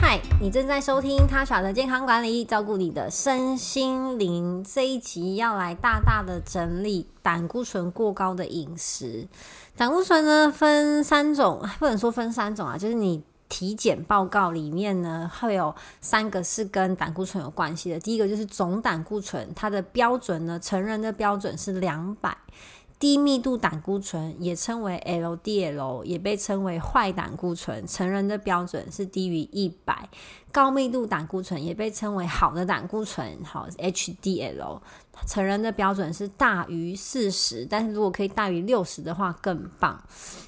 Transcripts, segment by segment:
嗨，Hi, 你正在收聽 Tasha 的健康管理，照顧你的身心靈。這一集要來大大的整理膽固醇過高的飲食。膽固醇呢分三種，不能說分三種啊，就是你體檢報告裡面呢會有三個是跟膽固醇有關係的。第一個就是總膽固醇，它的標準呢，成人的標準是兩百。低密度膽固醇也稱為 LDL，也被稱為壞膽固醇。成人的標準是低於一百。高密度膽固醇也被稱為好的膽固醇，好 HDL。成人的標準是大於四十，但是如果可以大於六十的話更棒。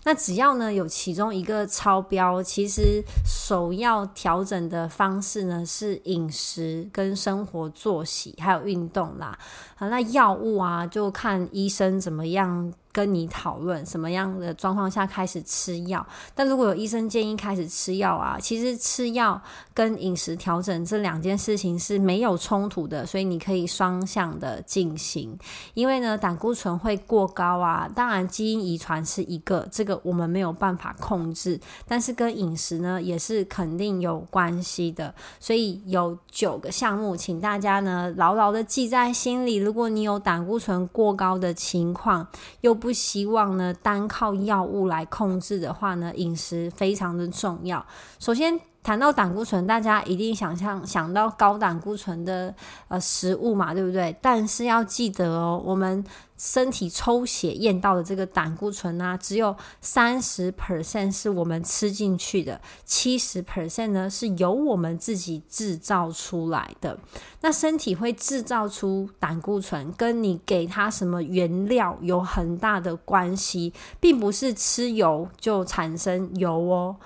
那只要呢有其中一個超標，其實首要調整的方式呢是飲食跟生活作息還有運動啦。那藥物啊就看醫生怎麼樣。跟你討論什麼樣的狀況下開始吃藥，但如果有醫生建議開始吃藥啊,其實吃藥跟飲食調整這兩件事情是沒有衝突的,所以你可以雙向的進行。因為呢,膽固醇會過高啊,當然基因遺傳是一個，這個我們沒有辦法控制,但是跟飲食呢也是肯定有關係的。所以有九個項目，請大家呢牢牢的記在心裡。如果你有膽固醇過高的情況，又不希望呢，單靠藥物來控制的話呢，飲食非常的重要。首先。談到膽固醇，大家一定想象想到高膽固醇的呃食物嘛，對不對？但是要記得哦，我們身體抽血驗到的這個膽固醇啊，只有三十 percent 是我們吃進去的，七十 percent 呢是由我們自己製造出來的。那身體會製造出膽固醇，跟你給它什麼原料有很大的關係，並不是吃油就產生油哦。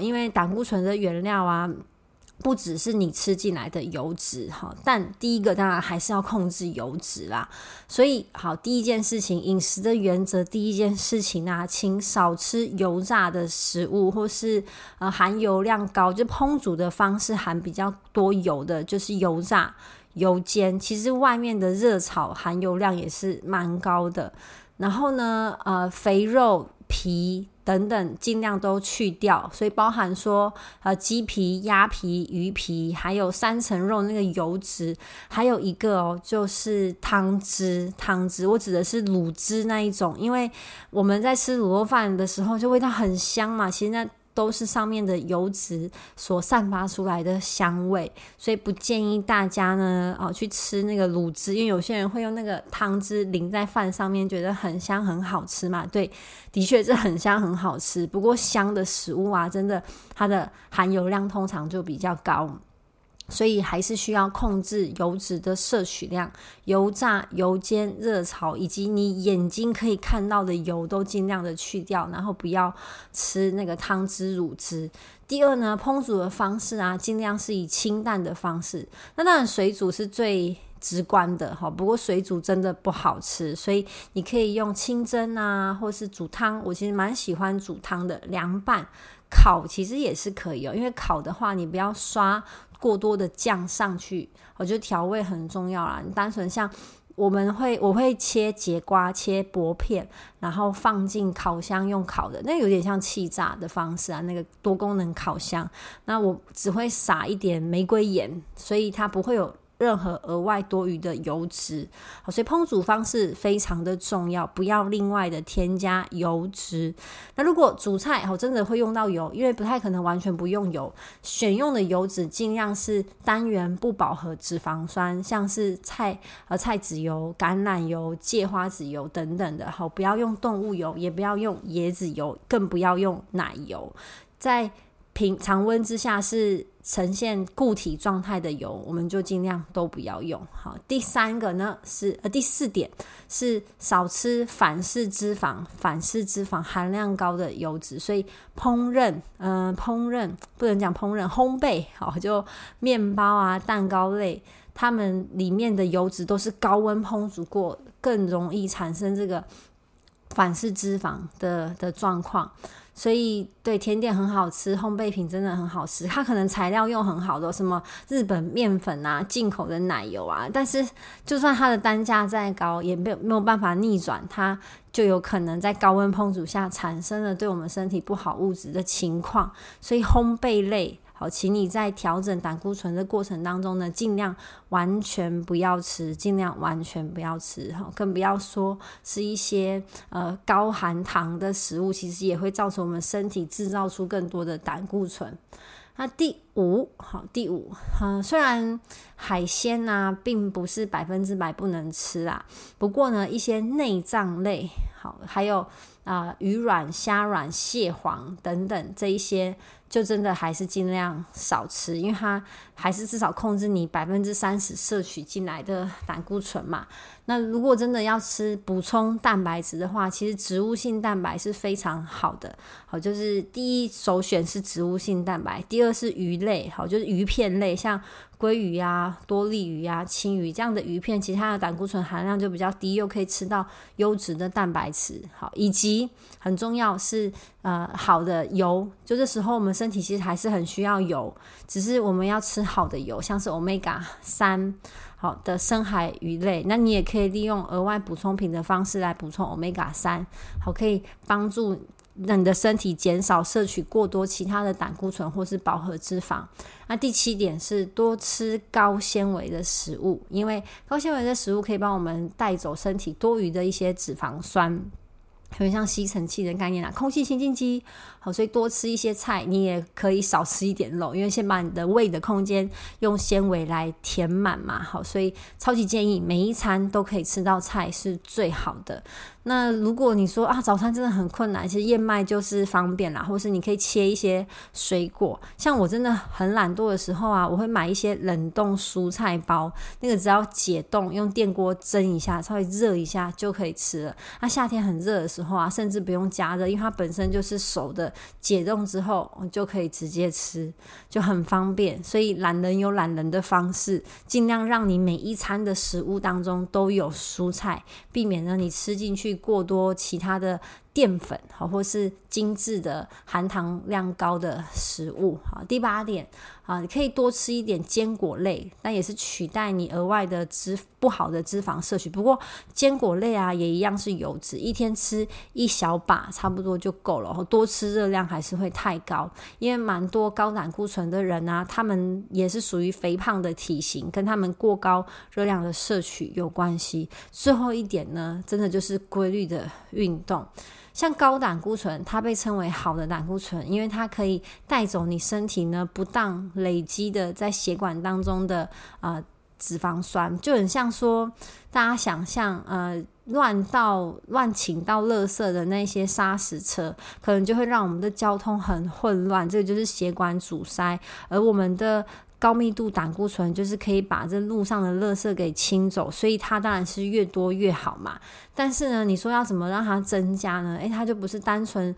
因為膽固醇的原料啊，不只是你吃進來的油脂哈，但第一個當然還是要控制油脂啦。所以好，第一件事情，飲食的原則，第一件事情啊，請少吃油炸的食物，或是呃含油量高，就烹煮的方式含比較多油的，就是油炸、油煎。其實外面的熱炒含油量也是蠻高的。然後呢，呃，肥肉、皮。等等，盡量都去掉。所以包含說，呃，雞皮、鴨皮、魚皮，還有三層肉那個油脂，還有一個哦，就是湯汁。湯汁，我指的是滷汁那一種，因為我們在吃滷肉飯的時候，就味道很香嘛。其實那。都是上面的油脂所散發出來的香味，所以不建議大家呢，哦，去吃那個滷汁，因為有些人會用那個湯汁淋在飯上面，覺得很香很好吃嘛。對，的確是很香很好吃，不過香的食物啊，真的它的含油量通常就比較高。所以還是需要控制油脂的攝取量，油炸、油煎、熱炒，以及你眼睛可以看到的油都盡量的去掉，然後不要吃那個湯汁、乳汁。第二呢，烹煮的方式啊，盡量是以清淡的方式。那當然水煮是最直觀的哈，不過水煮真的不好吃，所以你可以用清蒸啊，或是煮湯。我其實蠻喜歡煮湯的，涼拌、烤其實也是可以哦。因為烤的話，你不要刷。過多的醬上去，我覺得調味很重要啦。你單純像我們會，我會切節瓜、切薄片，然後放進烤箱，用烤的，那有點像氣炸的方式啊。那個多功能烤箱，那我只會撒一點玫瑰鹽，所以它不會有。任何額外多餘的油脂，好，所以烹煮方式非常的重要，不要另外的添加油脂。那如果煮菜，好，真的會用到油，因為不太可能完全不用油。選用的油脂儘量是單元不飽和脂肪酸，像是菜呃、啊、菜籽油、橄欖油、芥花籽油等等的，好，不要用動物油，也不要用椰子油，更不要用奶油，在平常溫之下是呈現固體狀態的油，我們就盡量都不要用。好，第三個呢是呃第四點是少吃反式脂肪，反式脂肪含量高的油脂。所以烹飪，嗯、呃，烹飪不能講烹飪，烘焙，好，就麵包啊、蛋糕類，它們裡面的油脂都是高溫烹煮過，更容易產生這個反式脂肪的的狀況。所以，對甜點很好吃，烘焙品真的很好吃。它可能材料用很好的，什麼日本麵粉啊，進口的奶油啊。但是，就算它的單價再高，也沒有沒有辦法逆轉，它就有可能在高溫烹煮下產生了對我們身體不好物質的情況。所以，烘焙類。好，請你在調整膽固醇的過程當中呢，盡量完全不要吃，盡量完全不要吃，哈，更不要說是一些呃高含糖的食物，其實也會造成我們身體制造出更多的膽固醇。那第五，好，第五，哈、呃，雖然海鮮啊並不是百分之百不能吃啊，不過呢，一些內臟類，好，還有啊、呃、魚卵、蝦卵、蟹黃等等這一些。就真的還是盡量少吃，因為它還是至少控制你百分之三十攝取進來的膽固醇嘛。那如果真的要吃補充蛋白質的話，其實植物性蛋白是非常好的。好，就是第一首選是植物性蛋白，第二是魚類。好，就是魚片類，像鮭魚啊、多利魚啊、青魚這樣的魚片，其實它的膽固醇含量就比較低，又可以吃到優質的蛋白質。好，以及很重要是。呃，好的油，就這時候我們身體其實還是很需要油，只是我們要吃好的油，像是 Omega 三，好的深海魚類。那你也可以利用額外補充品的方式來補充 Omega 三，好，可以幫助讓你的身體減少攝取過多其他的膽固醇或是飽和脂肪。那第七點是多吃高纖維的食物，因為高纖維的食物可以幫我們帶走身體多餘的一些脂肪酸。特別像吸塵器的概念啦，空氣清淨機。好，所以多吃一些菜，你也可以少吃一點肉，因為先把你的胃的空間用纖維來填滿嘛。好，所以超級建議每一餐都可以吃到菜是最好的。那如果你說啊，早餐真的很困難，其實燕麥就是方便啦，或是你可以切一些水果。像我真的很懶惰的時候啊，我會買一些冷凍蔬菜包，那個只要解凍，用電鍋蒸一下，稍微熱一下就可以吃了。那夏天很熱的時候，甚至不用加熱，因為它本身就是熟的，解凍之後就可以直接吃，就很方便。所以懶人有懶人的方式，盡量讓你每一餐的食物當中都有蔬菜，避免讓你吃進去過多其他的。澱粉哈，或是精緻的含糖量高的食物哈。第八點啊，你可以多吃一點堅果類，那也是取代你額外的脂不好的脂肪攝取。不過堅果類啊，也一樣是油脂，一天吃一小把差不多就夠了。多吃熱量還是會太高，因為蠻多高膽固醇的人啊，他們也是屬於肥胖的體型，跟他們過高熱量的攝取有關係。最後一點呢，真的就是規律的運動。像高膽固醇，它被稱為好的膽固醇，因為它可以帶走你身體呢不當累積的在血管當中的啊、呃、脂肪酸，就很像說大家想象啊、呃，亂倒亂請到垃圾的那些砂石車，可能就會讓我們的交通很混亂，這個就是血管阻塞，而我們的。高密度膽固醇就是可以把這路上的垃圾給清走，所以它當然是越多越好嘛。但是呢，你說要怎麼讓它增加呢？誒，它就不是單純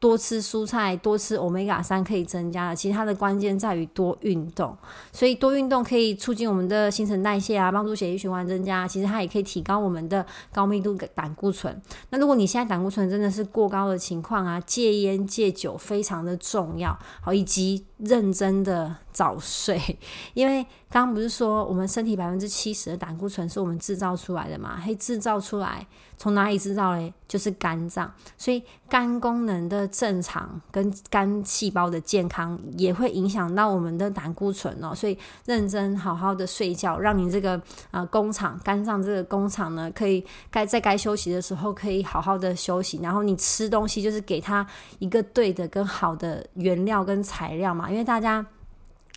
多吃蔬菜、多吃歐米伽三可以增加的。其實它的關鍵在於多運動，所以多運動可以促進我們的新陳代謝啊，幫助血液循環增加。其實它也可以提高我們的高密度膽固醇。那如果你現在膽固醇真的是過高的情況啊，戒菸戒酒非常的重要。好，以及。認真的早睡，因為剛剛不是說我們身體百分之七十的膽固醇是我們製造出來的嘛？可以製造出來，從哪裡製造嘞？就是肝臟。所以肝功能的正常跟肝細胞的健康也會影響到我們的膽固醇哦。所以認真好好的睡覺，讓你這個啊、呃、工廠肝臟這個工廠呢，可以該在該休息的時候可以好好的休息。然後你吃東西就是給它一個對的跟好的原料跟材料嘛。因為大家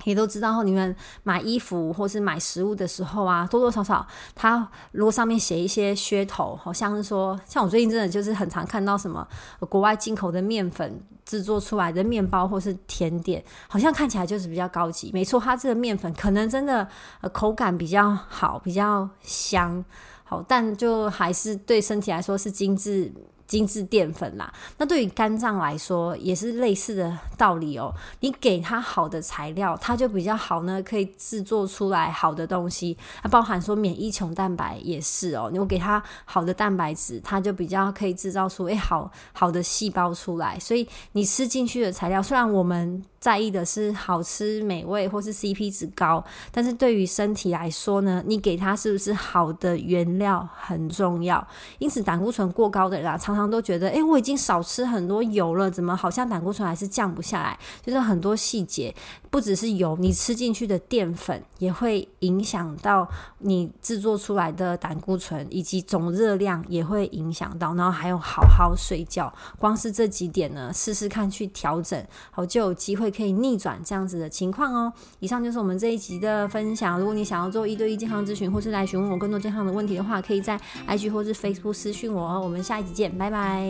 也都知道，你們買衣服或是買食物的時候啊，多多少少，它如果上面寫一些噱頭，好像是說，像我最近真的就是很常看到什麼、呃、國外進口的麵粉製作出來的麵包或是甜點，好像看起來就是比較高級。沒錯，它這個麵粉可能真的、呃、口感比較好，比較香，好、哦，但就還是對身體來說是精緻。精緻澱粉啦，那對於肝臟來說也是類似的道理哦、喔。你給它好的材料，它就比較好呢，可以制作出來好的東西。它、啊、包含說免疫球蛋白也是哦、喔，你給它好的蛋白質，它就比較可以制造出誒、欸、好好的細胞出來。所以你吃進去的材料，雖然我們，在意的是好吃美味或是 CP 值高，但是對於身體來說呢，你給它是不是好的原料很重要。因此，膽固醇過高的人啊，常常都覺得，誒，我已經少吃很多油了，怎麼好像膽固醇還是降不下來？就是很多細節。不只是油，你吃進去的澱粉也會影響到你製作出來的膽固醇，以及總熱量也會影響到。然後還有好好睡覺，光是這幾點呢，試試看去調整，好就有機會可以逆轉這樣子的情況哦。以上就是我們這一集的分享。如果你想要做一對一健康諮詢，或是來詢問我更多健康的問題的話，可以在 IG 或是 Facebook 私訊我哦。我們下一集見，拜拜。